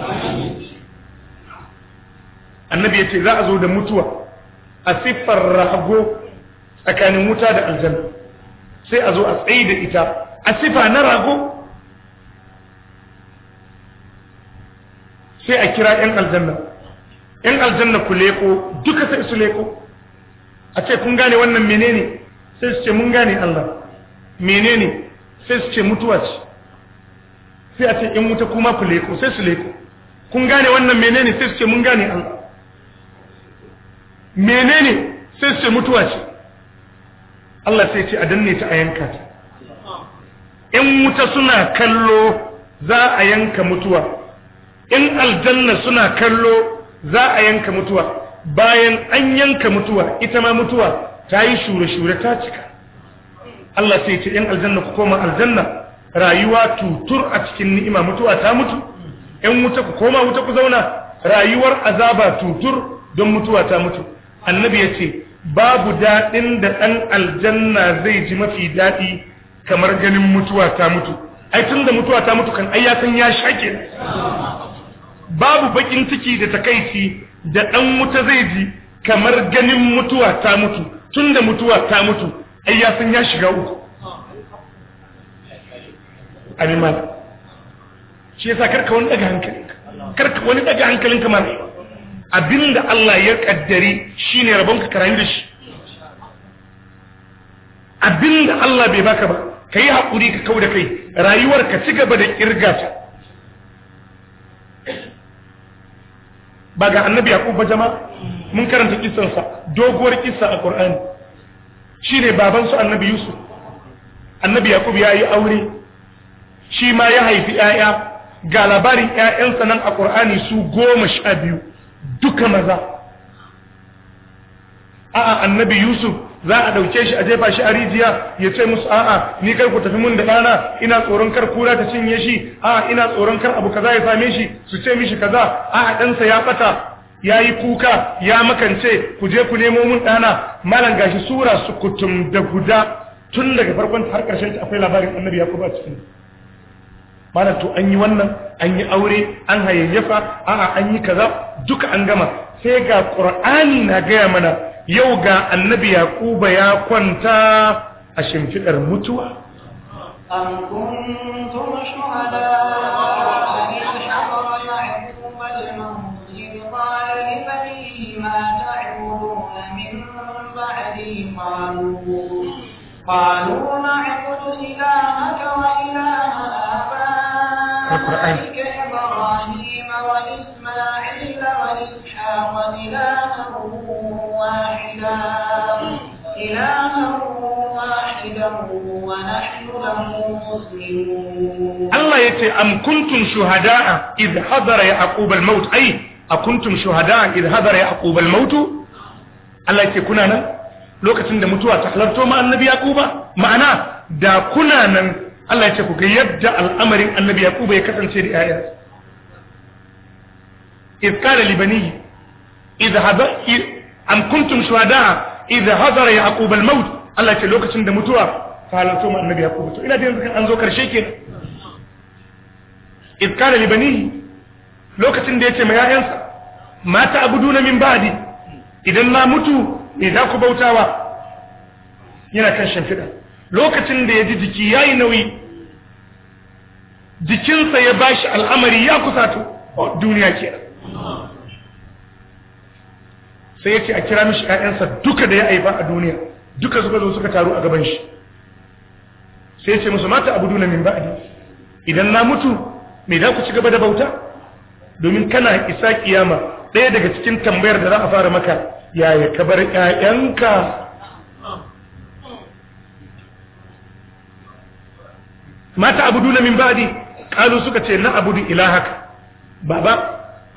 annabi ya ce za a zo da mutuwa a siffar rago tsakanin wuta da aljanna sai a zo a tsaye da ita a siffa na rago sai a kira ‘yan aljanna ‘yan aljanna ku leko duka sai su leko a ce kun gane wannan menene sai su ce mun gane Allah menene sai su ce mutuwa ce sai a ce in wuta kuma ku leko sai su leko kun gane wannan menene sai su ce mun gane Allah menene sai su ce mutuwa ce Allah sai ce a danne ta a yanka ta in wuta suna kallo za a yanka mutuwa in aljanna suna kallo za a yanka mutuwa bayan an yanka mutuwa ita ma mutuwa ta yi shure-shure ta cika Allah sai ce ‘yan aljanna ku koma aljanna rayuwa tutur a cikin ni'ima mutuwa ta mutu ‘yan wuta ku koma wuta ku zauna rayuwar azaba tutur don mutuwa ta mutu annabi ya ce babu daɗin da ɗan aljanna zai ji mafi daɗi kamar ganin mutuwa ta mutu ai tun da mutuwa ta mutu kan ai ya san ya shaƙe babu bakin ciki da takaici da ɗan wuta zai ji kamar ganin mutuwa ta mutu tun da mutuwa ta mutu ai ya san ya shiga uku animal shi yasa karka wani daga hankalinka karka wani daga hankalinka ma abinda Allah ya kaddari shine rabon ka da shi abinda Allah bai baka ba kai hakuri ka da kai rayuwar ka ci gaba da kirgata. ba ga annabi yaqub ba jama'a mun karanta sa doguwar kissa a qur'ani shine baban su annabi yusuf annabi ya yi aure shi ma ya haifi yaya ga labarin yayansa nan a qur'ani su goma sha biyu duka maza a'a annabi yusuf za a dauke shi a jefa shi a rijiya ya ce musu a'a ni kai ku tafi mun da ɗana ina tsoron kar kura ta cinye shi a'a ina tsoron kar abu kaza ya same shi su ce mishi kaza a'a ɗansa ya ɓata ya yi kuka ya makance ku je ku nemo mun ɗana malam gashi sura su kutum da guda tun daga farkon har ƙarshen ta akwai labarin annabi ya kuma cikin malam to an yi wannan an yi aure an hayayyafa a'a an yi kaza duka an gama sai ga qur'ani na gaya mana yau ga annabi yaquba ya kwanta a shimfidar mutuwa قالوا نعبد إلهك وإله آبائك القرآن إبراهيم وإسماعيل وإسحاق إلها واحدا إلها واحدا ونحن له مسلمون الله يتي أم كنتم شهداء إذ حضر يعقوب الموت أي أكنتم شهداء إذ حضر يعقوب الموت الله يتي كنا لوكتن da mutuwa ta halarto ma annabi yaquba ma'ana da Allah ya ce ku ga yadda al'amarin annabi yaquba ya kasance da ƴaƴa iz qala li banihi idhhaba am kuntum shuhada idh hadara yaquba al-maut Allah ya ce lokacin da mutuwa fa halarto ma annabi yaquba to ina da yanzu an zo karshe ke. iz qala li lokacin da yace ma ƴaƴansa mata abuduna min ba'di idan na mutu idan ku bautawa yana kan shimfiɗa lokacin da ya ji jiki ya yi nauyi jikinsa ya ba shi al'amari ya kusa to oh, duniya kenan sai ya ce a kira mishi ‘ya'yansa duka da ya aiba a duniya duka suka zo suka taru a gaban shi sai ya ce musu mata abu duna min ba'adi idan na mutu mai za ku ci gaba da bauta domin kana isa kiyama ɗaya daga cikin tambayar da za a fara maka yaya ka bar ‘ya'yanka ma ta'buduna min ba'di qalu suka ce na abudu ilahaka baba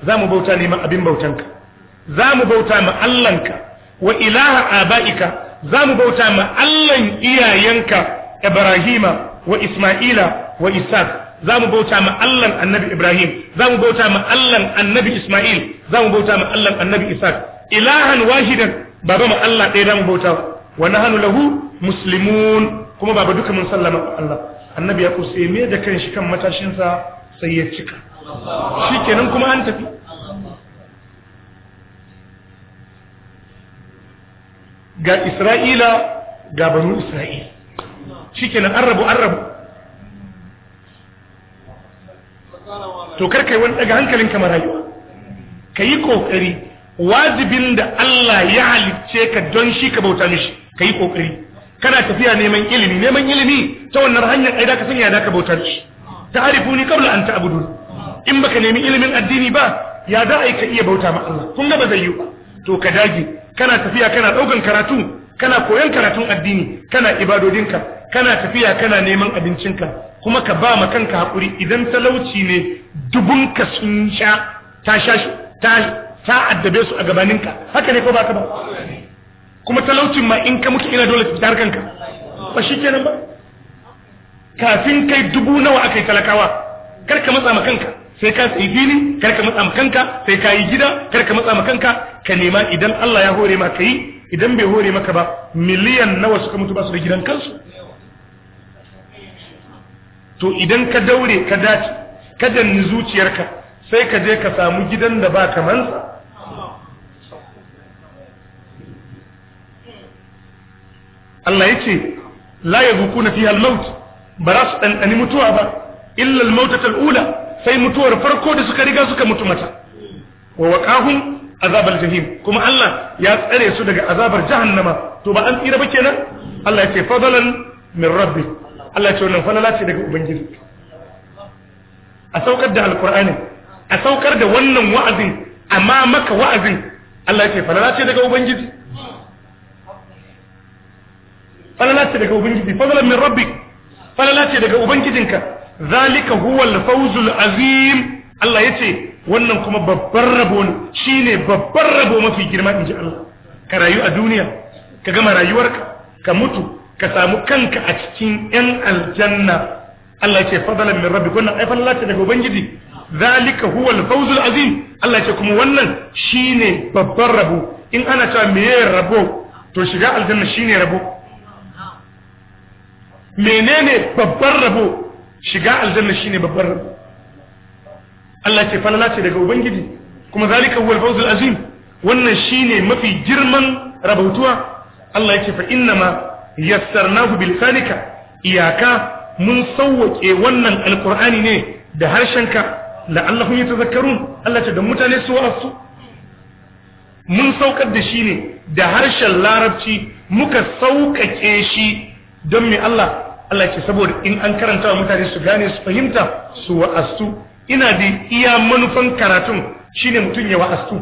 za mu bauta ne ma abin bautanka Za mu bauta ma Allahnka wa ilaha abaika mu bauta ma Allahn iyayenka Ibrahima wa Isma'ila wa Isaac mu bauta ma Allahn Annabi Ibrahim Za mu bauta ma Allahn Annabi Isma'il Za mu bauta ma Allahn Annabi Isaac ilahan wahidan baba mu Allah ɗaya za mu bauta wa nahanu lahu muslimun kuma baba duka mun sallama Allah annabi ya kusa me da kanshi kan matashinsa sai ya cika shikenan kuma an tafi ga isra'ila ga banu isra'ila shikenan an rabu an rabu to karkai wani daga hankalin kamar rayuwa ka yi ƙoƙari, wajibin da Allah ya halicce ka don shi ka bauta mishi ka yi ƙoƙari. kana tafiya neman ilimi neman ilimi ta wannan hanyar ai da ka sanya da ka bautar shi ta'rifuni qabla an ta'budun in baka nemi ilimin addini ba ya da ai ka iya bauta ma Allah kun ga ba zai yi to ka dage kana tafiya kana daukan karatu kana koyon karatun addini kana ibadodinka kana tafiya kana neman abincinka kuma ka ba ma kanka hakuri idan talauci ne ka sun sha ta sha ta ta addabe su a gabaninka haka ne ko ba ka ba kuma talaucin ma in ka muke ina dole ta ka. ba shi kenan ba kafin kai dubu nawa aka yi talakawa kar ka matsa ma kanka sai ka sayi fili kar ka matsa ma kanka sai ka yi gida kar ka matsa ma kanka ka nema idan Allah ya hore ma kai idan bai hore maka ba miliyan nawa suka mutu ba su da gidan kansu to idan ka daure ka dace ka danni zuciyarka sai ka je ka samu gidan da ba kamansa Allah ya ce la yazuquna fiha al-maut ba za su ɗanɗani mutuwa ba illa al-mautata ula sai mutuwar farko da suka riga suka mutu mata wa waƙahun azabal jahim kuma Allah ya tsare su daga azabar jahannama to ba an tsira ba kenan Allah ya ce fadalan min rabbi Allah ya ce wannan falala ce daga ubangiji a saukar da alqur'ani a saukar da wannan wa'azin amma maka wa'azin Allah ya ce falala ce daga ubangiji falala ce daga ubangiji fadlan min rabbik falala ce daga ubangijinka zalika huwal fawzul azim Allah yace wannan kuma babbar rabo ne shine babbar rabo mafi girma inji Allah ka rayu a duniya ka gama rayuwarka ka mutu ka samu kanka a cikin yan aljanna Allah yace fadlan min rabbik wannan ai falala ce daga ubangiji zalika huwal fawzul azim Allah yace kuma wannan shine babbar rabo in ana cewa meye rabo to shiga aljanna shine rabo menene babban rabo shiga aljanna shine babban rabo Allah ce falala ce daga ubangiji kuma zalika huwal fawzul azim wannan shine mafi girman rabautuwa Allah yake fa innama yassarnahu bil lisanika iyaka mun sauke wannan alqur'ani ne da harshenka la'allahum yatazakkarun Allah ce don mutane su wasu? mun saukar da shi ne da harshen larabci muka saukake shi don me Allah Allah ce saboda in an karanta wa mutane su gane su fahimta su wa'astu ina da iya manufan karatun shine mutum ya wa'astu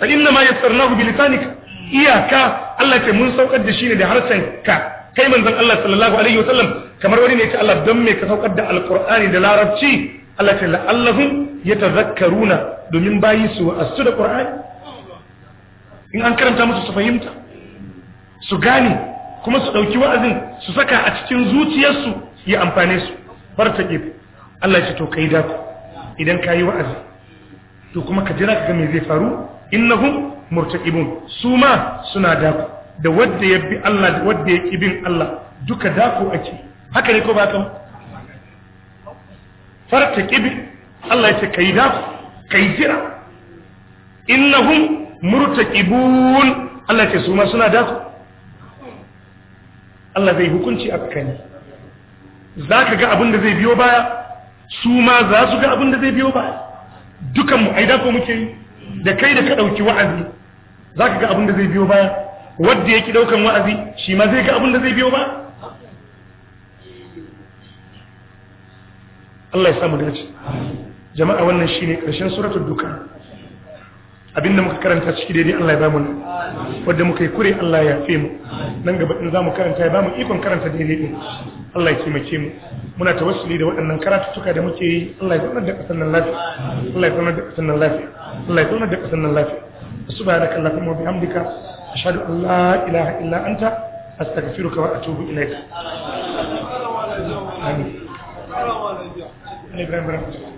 fa inna ma yassarnahu bi lisanika iyaka Allah ce mun saukar da shine da harshen ka kai manzon Allah sallallahu alaihi wasallam kamar wani ne ya ce Allah dan me ka saukar da alqur'ani da larabci Allah ce la'allahum yatazakkaruna domin bayi su wa'astu da qur'ani in an karanta musu su fahimta su gane kuma su ɗauki wa'azin su saka a cikin zuciyarsu ya amfane su bar ta ƙi Allah ya ce to kai daku idan ka yi wa'azi to kuma ka jira ka ga me zai faru innahum murtaqibun su ma suna daku da wadda ya bi Allah da wadda ya ƙi bin Allah duka daku ake haka ne ko ba ka farta ƙibi Allah ya ce ka kai daku yi jira murta murtaqibun Allah ya ce su ma suna daku Allah zai hukunci a tsakani za ka ga abin da zai biyo baya su ma za su ga abin da zai biyo baya dukanmu ai da ko muke yi da kai da ka ɗauki wa'azi za ka ga abin da zai biyo baya wadda yake ɗaukan wa'azi shi ma zai ga abin da zai biyo baya Allah ya samu dace jama'a wannan shine ƙarshen suratul duka. abinda muka karanta ciki daidai Allah ya bamu nan wadda muka yi kure Allah ya yafe mu nan gaba in mu karanta ya ba mu ikon karanta daidai din Allah ya taimake mu muna ta tawassuli da waɗannan karatuttuka da muke yi Allah ya zaunar da ƙasar nan lafiya Allah ya zaunar da ƙasar nan lafiya Allah ya zaunar da ƙasar nan lafiya subhanaka allahumma wa bihamdika ashhadu an la ilaha illa anta astaghfiruka wa atubu ilayk amin Ibrahim Ibrahim